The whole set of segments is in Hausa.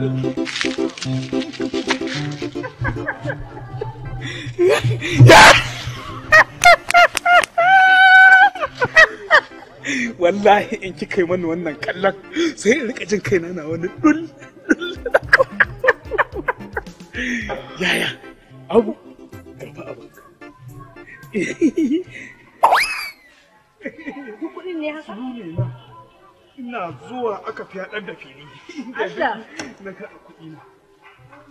wallahi in kika yi mani wannan kallon sai in rika jin kaina na wani dul yaya abu abu ne haka ina zuwa aka fi da fili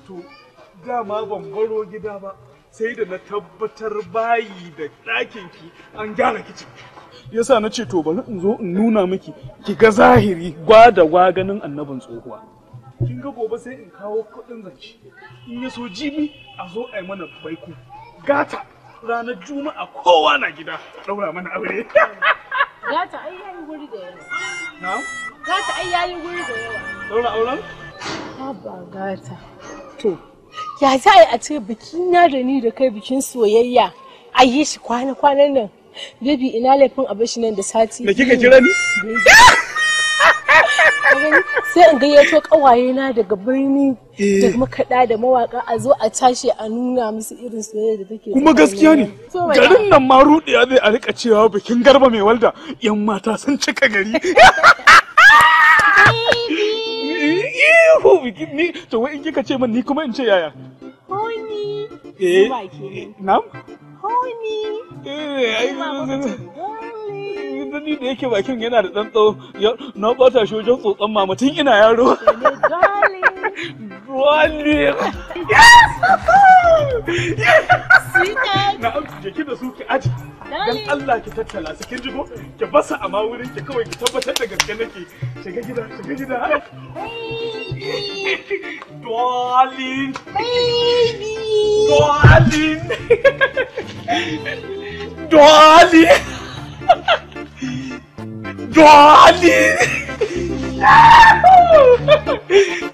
to dama ban baro gida ba sai da na tabbatar bayi da ɗakin ki an gyara kicin yasa na ce to bari in zo in nuna miki ki ga zahiri gwada ganin annabin tsohuwa kin ga gobe sai in kawo kuɗin zance in ya so jibi a zo a yi mana baiku gata ranar juma'a kowa na gida ɗaura mana aure gata ai yayi guri da yawa na gata ai yayi guri da yawa ɗaura auren haba gata To, ya za a ce bikin na da ni da kai bikin soyayya a yi shi kwana-kwanan nan. Baby ina laifin a shi nan da sati. Da kika kira ni? Sai in gayyato kawaye na daga birni da eh. makaɗa da mawaka a zo a tashi a nuna musu irin soyayya da take. Kuma gaskiya ne. Garin nan ma ya zai a rika cewa bikin garba mai walda 'yan mata sun cika gari. yaro bikin ni to wai in kika ce min ni kuma in ce yaya honey eh na'am honey eh, ni da yake bakin yana da tsantso na bata shi wajen tsotson mama tun ina yaro eh, Rolling. Yes! Yes! Na'am, jiki da su ki aji. Dan Allah ki tattala su kin ji Ki basa a ma wurin ki kawai ki tabbatar da gaske nake. Shiga gida, shiga gida. Dolin! Baby! Dolin! Dolin! Dolin!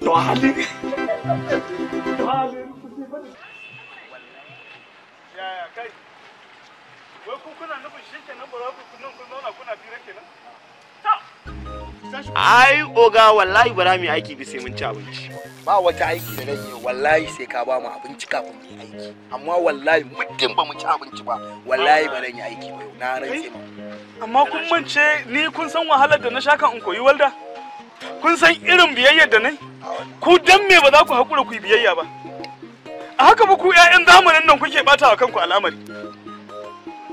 Dolin! ai oga wallahi bara mu aiki bi sai mun ci abinci ba wata aiki da nake wallahi sai ka ba mu abinci kafin mu aiki amma wallahi muddin ba mu ci abinci ba wallahi ba zan yi aiki ba na rantse ma amma kun mance ni kun san wahalar da na sha kan in koyi walda kun san irin biyayyar da nai ku dan me ba za ku hakura ku yi biyayya ba a haka ba ku ƴaƴan zamanin nan kuke bata wa kanku al'amari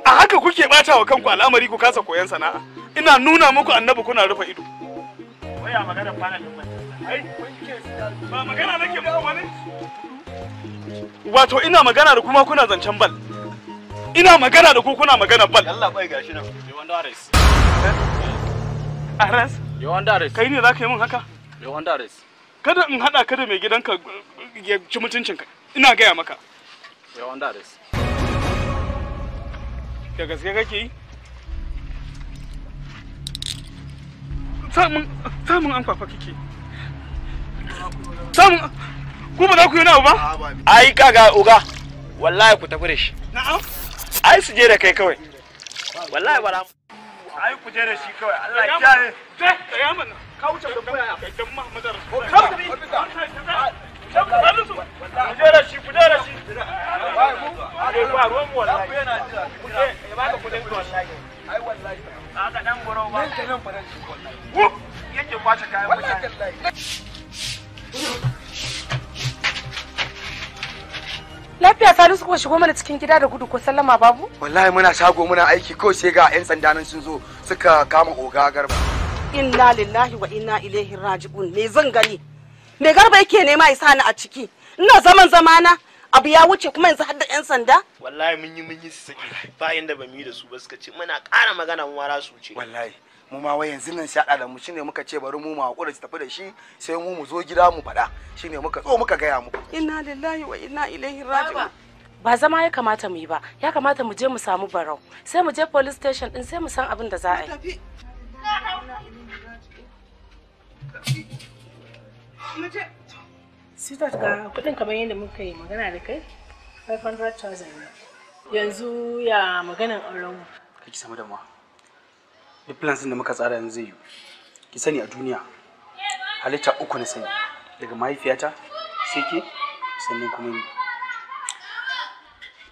a haka kuke bata wa kanku al'amari ku kasa koyon sana'a ina nuna muku annabi kuna rufe ido tsaya magana kwana ba magana nake muku wani wato ina magana da kuma kuna zancen bal ina magana da ku kuna magana bal Allah bai gashi nan wanda Yawan Dares Aras wanda Dares kai ne za ka yi min haka wanda Dares kada in hada ka da mai gidanka ya ci mutuncinka ina gaya maka wanda Dares da gaske kake yi samun samun an kwafa kike samun ku ba za ku yi na ba ai kaga uga wallahi ku tafi da shi ai su da kai kawai wallahi ai ku je da shi kawai lafiya salisu suka shigo mana cikin gida da gudu ko sallama babu wallahi muna shago muna aiki ko sai ga yan sanda sun zo suka kama oga garba inna lillahi wa inna ilaihi raji'un me zan gani me garba yake nema ya sani a ciki ina zaman zamana abu ya wuce kuma yanzu har da yan sanda wallahi mun yi mun yi su saki ba inda ba mu yi da su ba suka ce muna ƙara magana mu wara su ce wallahi mu ma wai yanzu nan shaɗa da mu shine muka ce bari mu ma hakuri tafi da shi sai mu mu zo gida mu faɗa shine muka tso muka gaya muku inna lillahi wa inna ilaihi raji'un ba zama ya kamata mu yi ba ya kamata mu je mu samu barau sai mu je police station din sai mu san abin da za a yi Sitat ga kudin kamar yadda muka yi magana da kai 500,000 yanzu ya maganan auren Kaki samu da mu duk plans da muka tsara yanzu zai yi ki sani a duniya halitta uku na sani daga mahaifiyata sai ke sannan kuma ni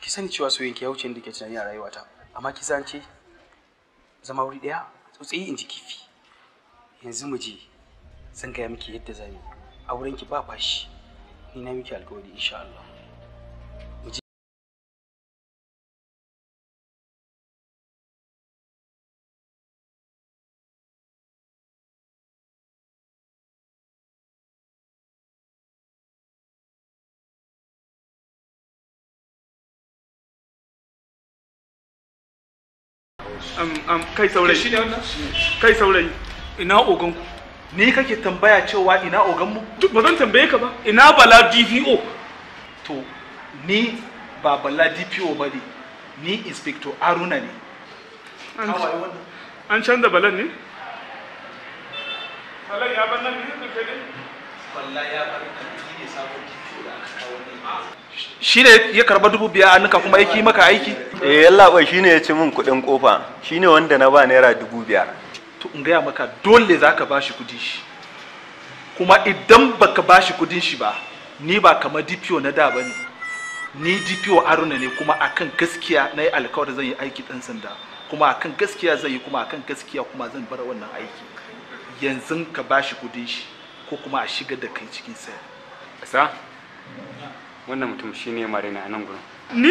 ki sani cewa soyayya ki ya wuce da ke tunani a rayuwata amma ki san ce zama wuri daya tsotsi in ji kifi yanzu mu je zan gaya miki yadda zai yi a wurin ki ba fashi ni na miki alƙawari insha Allah kai saurayi shi ne wannan kai saurayi ina ogan ku ni kake tambaya cewa ina ogan mu ba zan tambaye ka ba ina bala dpo to ni ba bala dpo ba ne ni inspector aruna ne an canza balan ne balan ya ban nan ne da kai ne wallahi ya ban nan ne sabon dpo da aka kawo ne shi ne ya karba dubu biya a nuka kuma yaki maka aiki eh yalla bai shine ya ci min kuɗin kofa shine wanda na ba naira dubu biyar to in gaya maka dole zaka bashi kudin shi kuma idan baka bashi kudin shi ba ni ba kamar DPO na da bane ni DPO Aruna ne kuma akan gaskiya na yi zan yi aiki ɗan sanda kuma akan gaskiya zan yi kuma akan gaskiya kuma zan bar wannan aiki yanzu ka bashi kudin shi ko kuma a shigar da kai cikin sai sa wannan mutum shi ne mare na nan gurin ni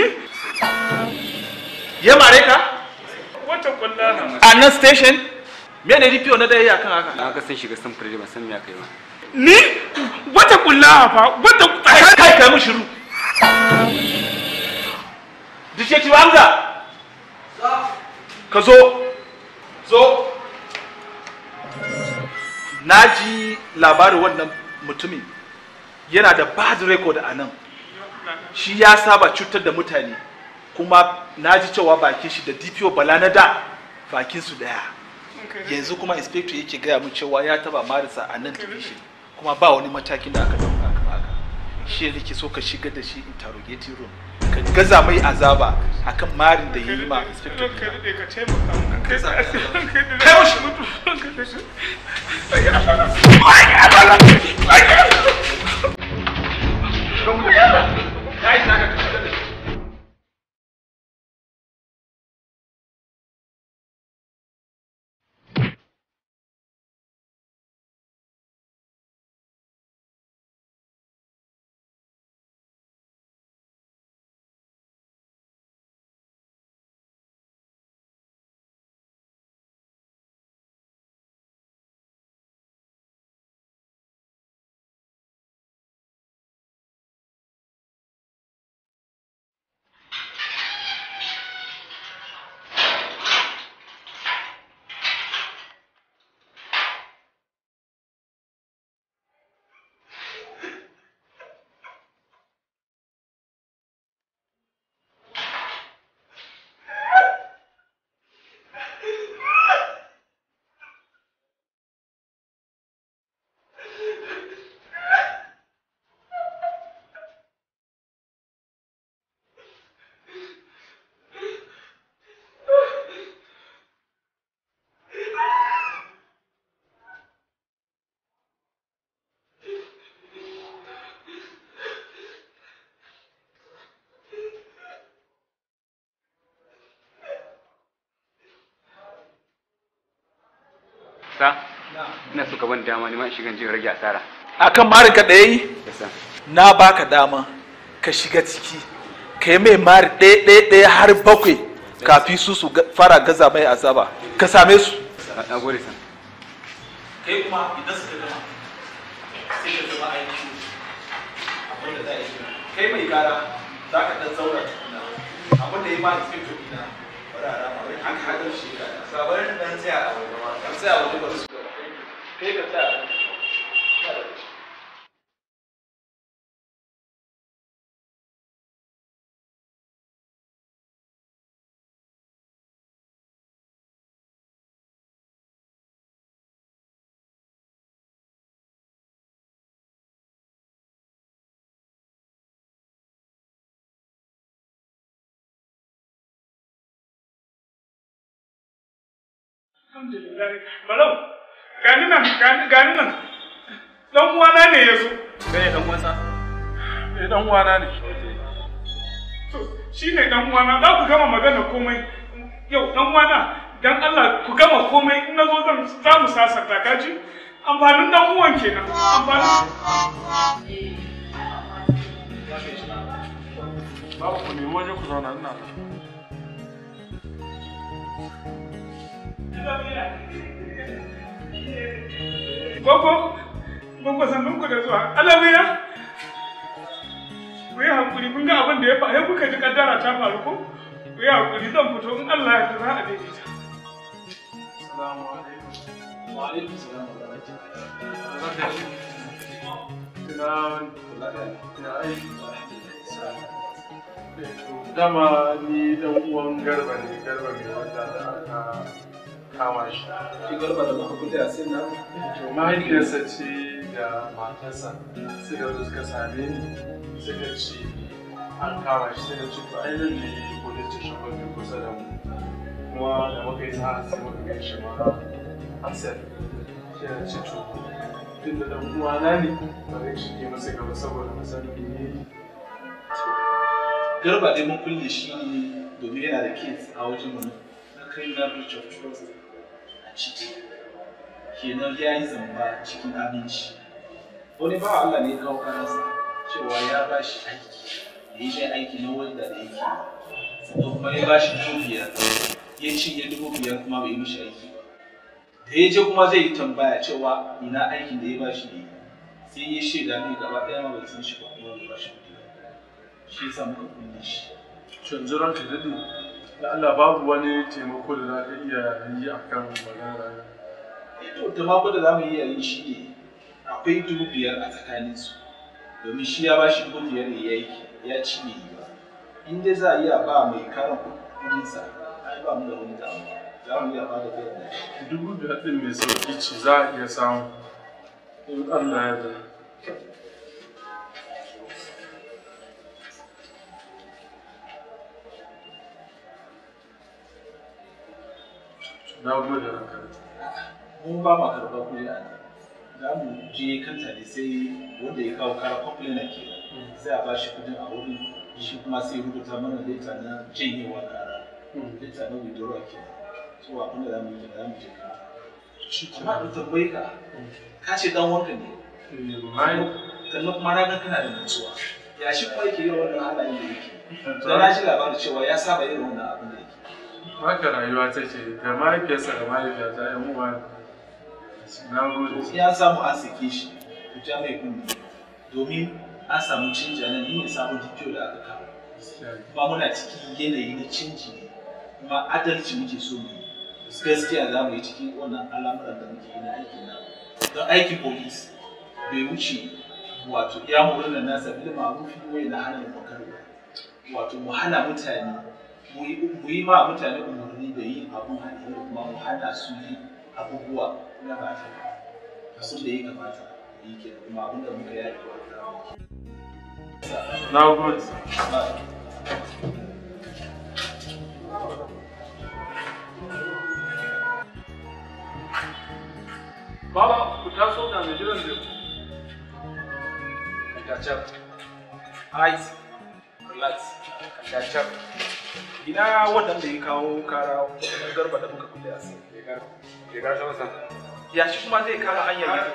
ya mare ka wata kullaha a nan station me ne rifiyo na a kan haka na ga sun shiga sun fure ba san me aka yi ba ni wata kullaha fa wata kai kai kai mu shiru Dishe ci Hamza ka zo zo na ji labarin wannan mutumin yana da bad record a nan shi ya saba cutar da mutane kuma na ji cewa bakin shi da dpo bala na da bakin su daya yanzu kuma inspector yake gaya mu cewa ya taba marisa a nan division kuma ba wani matakin da aka dauka akan haka shi ne ke so ka shiga da shi interrogating room ka gaza mai azaba akan marin da yayi ma inspector ka sa ina suka ka ban dama ne ma in shiga jin rage asara akan marin ka ɗaya na baka dama ka shiga ciki ka yi mai mari ɗaya ɗaya ɗaya har bakwai kafin su su fara gaza mai azaba ka same su na gode san kai kuma idan suka gama sai ka zama aiki abin da za a yi kai mai gara za ka ɗan zaura tukuna abin da ya ba inspector ina. 咱嘛，看开头戏，咱本身本身只我五个嘛，只要五个是够，个在。Alhamdulillah. Balau, gani nan, gani gani nan. Dan uwana ne ya zo. Kai dan uwansa. Eh, dan uwana ne. To, shi ne dan uwana, za ku gama magana komai. Yau dan uwana, dan Allah ku gama komai in na zo zan za mu sasanta kaji. Amfanin dan uwan kenan. Amfanin. Babu ku nemi waje ku zauna ina. Gogo, gogo sannun ku da zuwa. Alawiya, ku yi hankuri kun ga abin da ya faru, kuka ji kaddara ta faru ko? Ku yi hankuri zan fito in Allah ya za a daidaita. Assalamu alaikum. Wa alaikum salam wa rahmatullahi. Dama ni dan uwan garba ne, garba ne da ta kama shi shi garba da muka kuta sin nan to mahaifiyarsa ce da matarsa suka zo suka same ni suka ce an kama shi suka ce to ai ne je police station ba mai kusa da mu kuma da muka yi sa'a sai muka gan shi ma Hassan shi ya ce to tun da dan uwana ne ba zai shige masa gaba saboda masanin ne garba dai mun kulle shi ne domin yana da kids a wajen mu na kai na of trust ciki kenan ya yi zamba cikin abinci? wani ba Allah ne kawo karansa cewa ya ba shi aiki da ya mai aiki na wanda da yake sannan kuma ya ba shi dubu biyar ya cinye dubu biyar kuma bai mishi aiki ba da ya je kuma zai yi tambaya cewa ina aikin da ya ba shi ne sai ya shaida ne gaba ɗaya ma bai san shi ba kuma bai ba shi kuɗi ba shi yasa muka kunne shi. Shin ka daɗe da Allah babu wani taimako da za ka iya yi a kan magana eh to taimako da za mu a yi shi ne akwai dubu biyar a tsakanin su domin shi ya shi dubu biyar ne ya yi ya ci ne yi ba in dai za a iya ba mai karin kudinsa ai ba mu da wani damuwa za mu iya ba da biyar ne dubu biyar ɗin mai sauki ci za a iya samu in Allah ya yarda na gode ranka mu ba ma karɓar kuɗi a za mu je kanta ne sai wanda ya kawo kara complainer ke sai a ba shi kuɗin a wurin shi kuma sai rubuta mana leta na janyewa kara leta na withdrawal ke so abin da za mu yi za mu je kanta amma in tambayi ka ka ce dan wanka ne sannan kuma na ga kana da nutsuwa. ya shi kuma yake yi wannan halayen da yake da na ji labarin cewa ya saba yin wannan abin da yake haka rayuwa ta take da mahaifiyarsa da mahaifiyarta yan uwa na gode ya samu a sake shi ku ja mai kundi domin an samu canji nan ni ne sabon dikiyo da aka kawo kuma muna cikin yanayi na canji ne kuma adalci muke so mu gaskiya za mu yi cikin wannan al'amuran da muke yi na aikin nan don aikin polis bai wuce wato ya mu wurin nasa bil ma'rufi wa na hana munkar wato mu hana mutane mu yi ma mutane umarni da yi abun alheri kuma mu hana su yi abubuwa na ba ta abin da ya kamata yi ke kuma abin da muka yaƙi wa Na good. Baba, ku taso da Najeriya da ku. Ka tace. Eyes, relax, ka tace. ina waɗanda ya kawo kara garba da muka kulle a sai ya shi kuma zai kara hanyar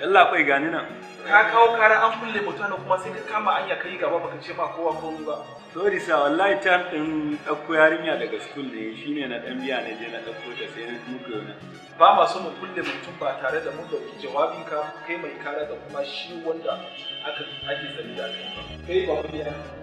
yalla kai gani nan ka kawo kara an kulle mutane kuma sai ka kama hanya kai gaba baka ce ma kowa komai ba sorry sa wallahi tan din dauko yarinya daga school ne shine na dan biya ne je na dauko ta sai na muka yana ba ma so mu kulle mutum ba tare da mun dauki jawabin ka kai mai kara da kuma shi wanda aka ake zargi da kai ba kai ba kuliya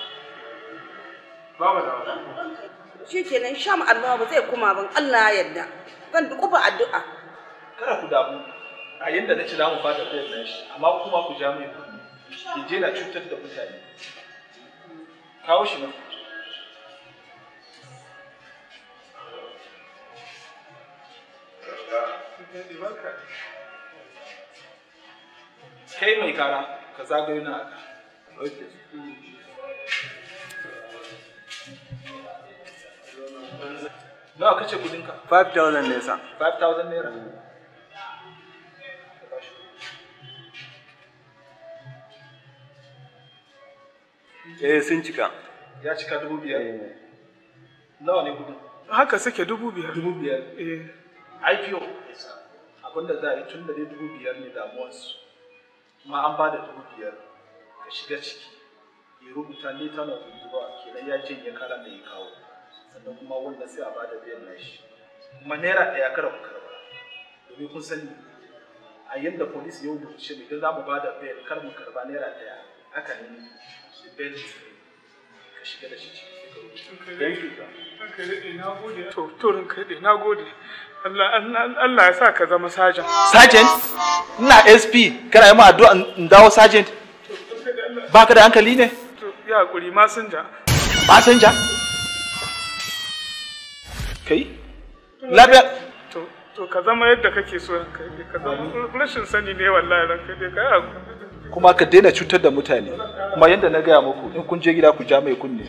shi kenan sha ma Allah ba zai kuma ban Allah ya yarda zan dukufa addu'a kada ku damu a yadda na ci za mu fata kai nan shi amma kuma ku ja mai kuɗi ki je na cutar da mutane kawo shi nan kai mai kara ka zagayo na aka nawa kace kudin ka 5000 ne sa 5000 naira mm. eh sun cika ya cika dubu biyar eh. nawa ne kudin haka suke dubu biyar dubu biyar eh ipo abinda za a yi tun da dai dubu biyar ne damuwarsu kuma an ba da dubu biyar ka shiga ciki ya rubuta ne tana tuntuba kenan ya janye kalan da ya kawo sannan kuma wanda sai a ba da biyan nashi kuma ɗaya kada ku karba domin kun sani a yadda polis yau da idan za mu ba da biyan kar mu karba naira ɗaya haka ne su ka shiga da shi cikin kaɗe na gode Allah ya sa ka zama sajan. Sajan? Ina SP, kana yi ma addu'a in dawo sajan? Ba ka da hankali ne? Ya hakuri, Masinja? kai lafiya to to ka zama yadda kake so ka zama rashin sani ne wallahi kai dai ka kuma ka daina cutar da mutane kuma yadda na gaya muku in kun je gida ku ja mai kunne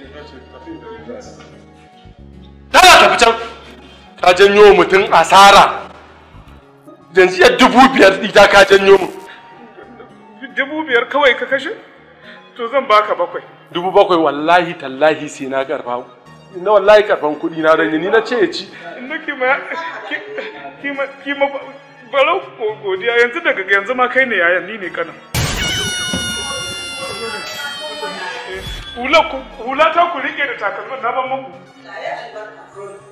tana ta can ka janyo mutum asara yanzu ya dubu biyar ita ka janyo mu dubu biyar kawai ka kashe to zan baka bakwai dubu bakwai wallahi tallahi sai na karfa na wallahi karfan kuɗi na ranye ni na ce ya ci inda kima kima kima barau godiya yanzu daga yanzu ma kai ne yayan ni ne kana. hula ta ku rike da takalmin na ban muku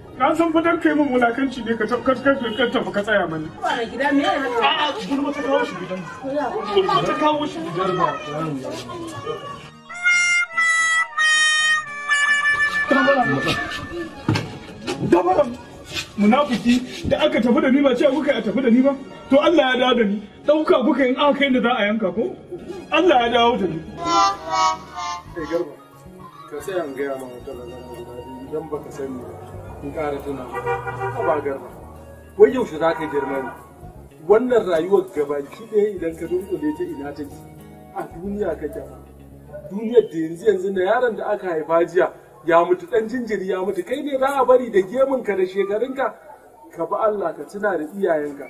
Ka san fa dan kai min wulakanci ne ka tafi ka tsaya mani. Ba da gida me haka? A'a gulma ta kawo shi gidan. Gulma ta kawo shi gidan ba. Dabaram munafiki da aka tafi da ni ba cewa kuka a tafi da ni ba to Allah ya dawo da ni dauka kuka in aka yanda za a yanka ko Allah ya dawo da ni kai eh, garba ka sai an gaya ma wata lagana guda biyu ba ka sani ba in ƙara tuna ba garba wai yaushe za ka girma ne wannan rayuwar gabaki ɗaya idan ka dunkule ta ina take a duniya ka gyara duniyar da yanzu yanzu na yaron da aka haifa jiya ya mutu ɗan jinjiri ya mutu kai ne za a bari da gemunka da shekarunka ka bi Allah ka tuna da iyayenka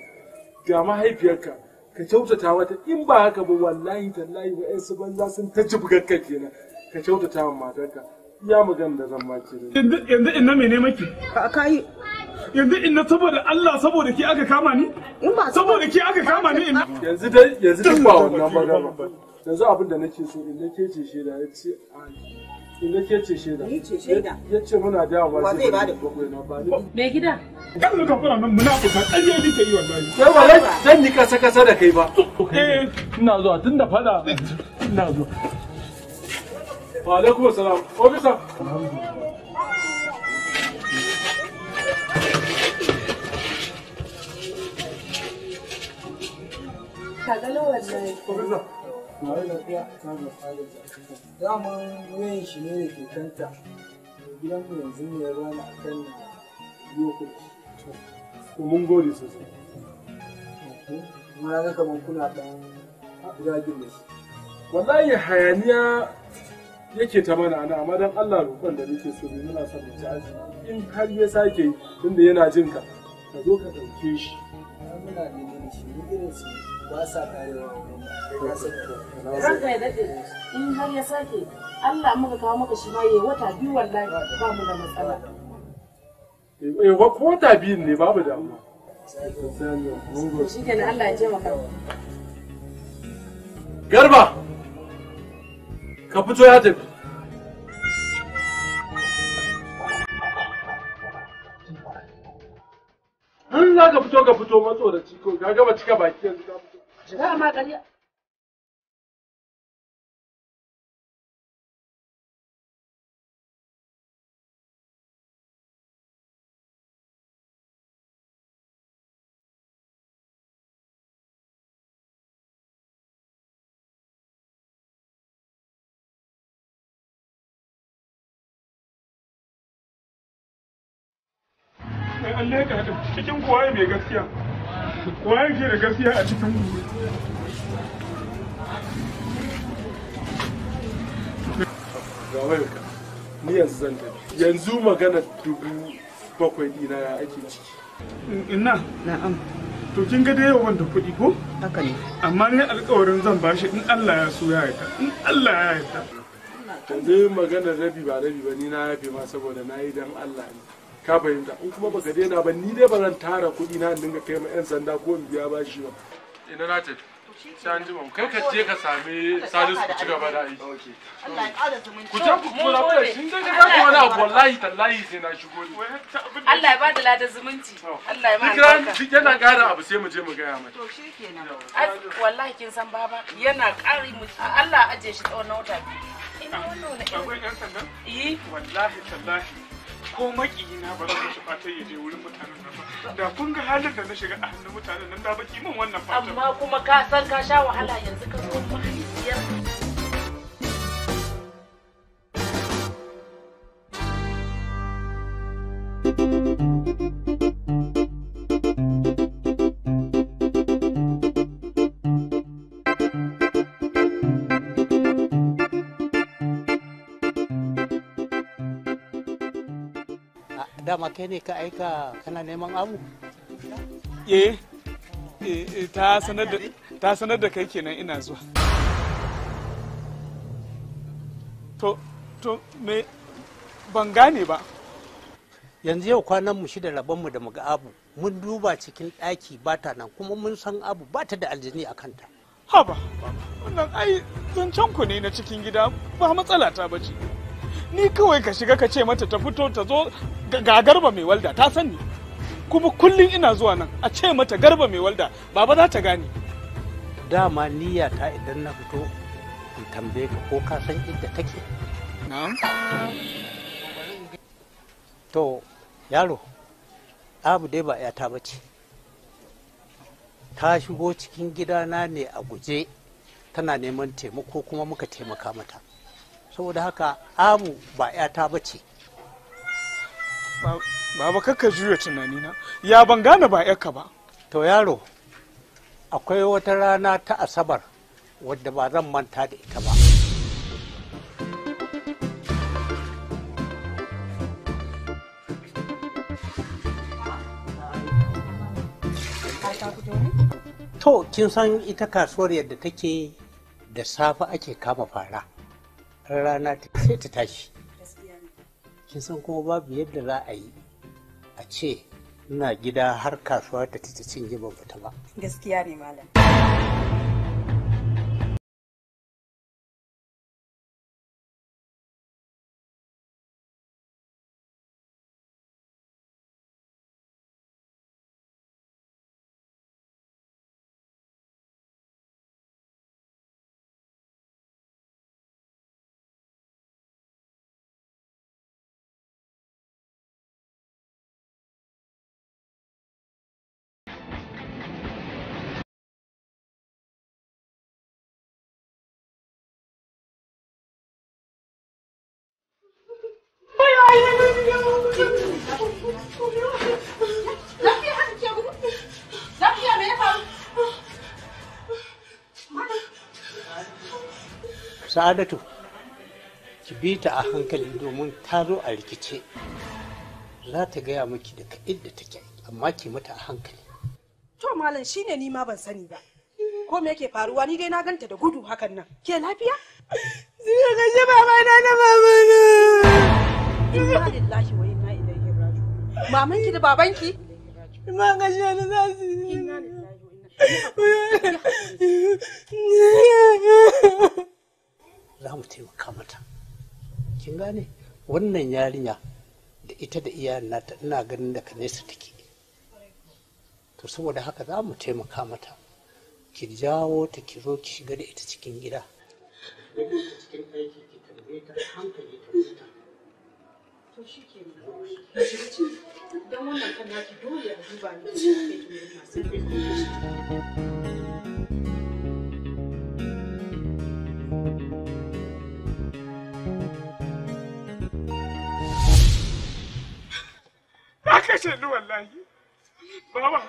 ga mahaifiyarka ka kyautata wata in ba haka ba wallahi tallahi wa'yansu banza sun ta jibgarka kenan ka kyautata wa matarka iya magan da zan maki yanzu ina mene maki ka yi yanzu ina saboda Allah saboda ki aka kama ni saboda ki aka kama ni ina. yanzu dai yanzu duk ba wannan magana yanzu abin da nake so in nake ce shi da yace in nake ce shi da yace muna da ba zai ba da bakwai na ba me gida kan ka fara nan munafika ƙarya nake yi wallahi sai wallahi dan ni kasa kasa da kai ba eh ina zuwa tunda fada ina zuwa Wa alaikum salam. lafiya shi ne da ke kanta. Gidan mu yanzu ne ya bani akan yoko. To mun gode sosai. Mun ga kuna Wallahi hayaniya yake ta mana ana amma dan Allah roƙon da nake so muna son mace aji. in har ya sake yi tunda yana jin ka ka zo ka ɗauke shi muna neman shi mu irin su ba sa karewa ranka ya daɗe in har ya sake Allah muka kawo maka shi ma yayi wata biyu wallahi ba mu da matsala eh, eh wata biyu ne babu damuwa shi kenan Allah ya taimaka garba ka fito ya tafi in za ka fito ka fito matsoraci ka gaba cika baki yanzu lalle ka cikin kuwaye mai gaskiya kuwaye ke da gaskiya a cikin ku ni yanzu zan yanzu magana dubu bakwai dina ya ake ciki ina na'am to kin ga da yawan kuɗi ko haka ne amma ne alƙawarin zan bashi in Allah ya so ya yarda in Allah ya yarda yanzu magana rabi ba rabi ba ni na yafe ma saboda na yi dan Allah ne ka fahimta in kuma baka daina ba ni dai ba zan tara kuɗi na dinga kai ma yan sanda ko in biya bashi ba ina na tafi sai an jima kai ka je ka sami salisu ku ci gaba da aiki ku je ku kula ku da shi dai ka ga wani abu wallahi tallahi sai na shigo ni Allah ya ba da ladan zumunci Allah ya yana ƙara abu sai mu je mu mai to shikenan wallahi kin san baba yana ƙari mu Allah aje shi tsawon wata ina wannan akwai yan eh wallahi tallahi ko makiyina ba zan shi fata ya je wurin mutanen nan ba da kun ga halin da na shiga a hannun mutanen nan da baki min wannan fata amma kuma ka san ka sha wahala yanzu ka zo mahaifiyar thank you kai ne ka aika kana neman abu eh, eh, eh ta sanar da kai kenan ina zuwa to to me ban gane ba yanzu yau kwanan mu shida rabonmu da muga abu mun duba cikin ɗaki ba ta nan kuma mun san abu ba ta da aljini a kanta haba wannan ai zancen ku ne na cikin gida ba matsala ta bace ni kawai ka shiga ka ce mata ta fito ta zo ga garba mai walda ta sani kuma kullum ina zuwa nan a ce mata garba mai walda baba za ta gane dama niyya ta idan na fito in tambaye ka ko ka san inda take na'am to yaro abu dai ba yata bace ta shigo cikin gidana ne a guje tana neman taimako kuma muka taimaka mata saboda haka amu ba 'yata ba ce baba kakka juya tunanina ya ban gane ba 'yarka ba to yaro akwai wata rana ta asabar wadda ba zan manta da ita ba to kin san ita kasuwar yadda take da safe ake kama fara zafin rana sai ta tashi kin san kuma babu yadda za a yi a ce ina gida har kasuwa ta ta cinye ban fita ba gaskiya ne malam Sa'adatu, ki bi ta a hankali domin ta zo a rikice. Za ta gaya miki daga inda take, amma ki mata a hankali. To malam shi ne nima ban sani ba. Ko me yake faruwa ni dai na ganta da gudu hakan nan. Ke lafiya? Zai ga shi na na Inna lillahi wa ilaihi raji'un. Maman ki da baban ki? ga shi ne za su yi. lillahi wa Za mu taimaka mata. Kin gane? Wannan yarinya da ita da iyayen nata ina ganin daga nesa take. To saboda haka za mu taimaka mata. Ki jawo ta ki zo ki shiga da ita cikin gida. cikin aiki ki tambaye ta hankali ta to shi ke don wannan kan naki ni wallahi baba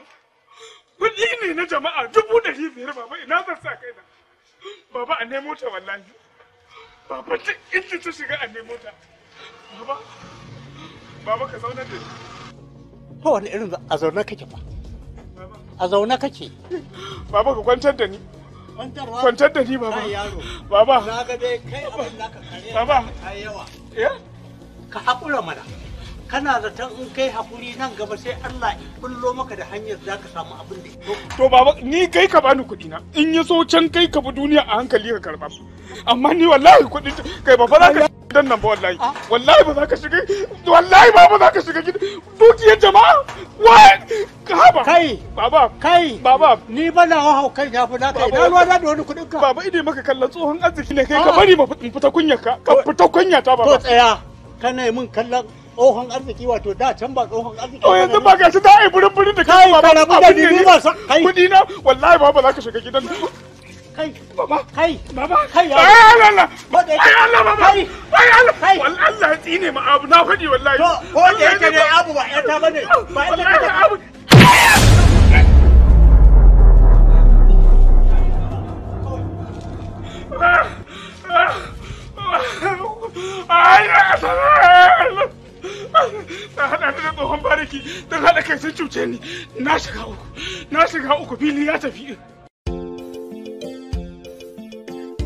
kuɗi ne na jama'a dubu ɗari biyar baba ina zan sa kai na baba a nemo ta wallahi baba duk inda ta shiga a nemo ta baba Baba ka zaunar da Baba ka da ni. Kwantar da ni baba. Baba. Na kai hakuri nan gaba sai Allah ya kullo maka da hanyar za ka samu abin da to baba ni kai ka bani kuɗi na in ya so can kai ka bi duniya a hankali ka karba amma ni wallahi kuɗi kai ba za ka gidan nan ba wallahi wallahi ba za ka shiga wallahi ba ba za ka shiga dukiyar jama'a wai haba kai baba kai baba ni ba na hau kai na fi naka ina ruwa na da wani kuɗin ka baba ide maka kallon tsohon arziki ne kai ka bari ma fita kunya ka ka fita kunya ta baba to tsaya kana min kallon tsohon arziki wato da can ba tsohon arziki to yanzu ba gashi da ai burin burin da kai ba ba abin ne kuɗi na wallahi baba za ka shiga gidan kai baba kai baba kai ya Allah ai Allah baba ai Allah kai Allah ya tsine ma abu na faɗi wallahi to ko da yake ne abu ba ta bane ba ita abu na haɗa da tsohon bariki don haɗa kai sun cuce ni na shiga uku na shiga uku fili ya tafi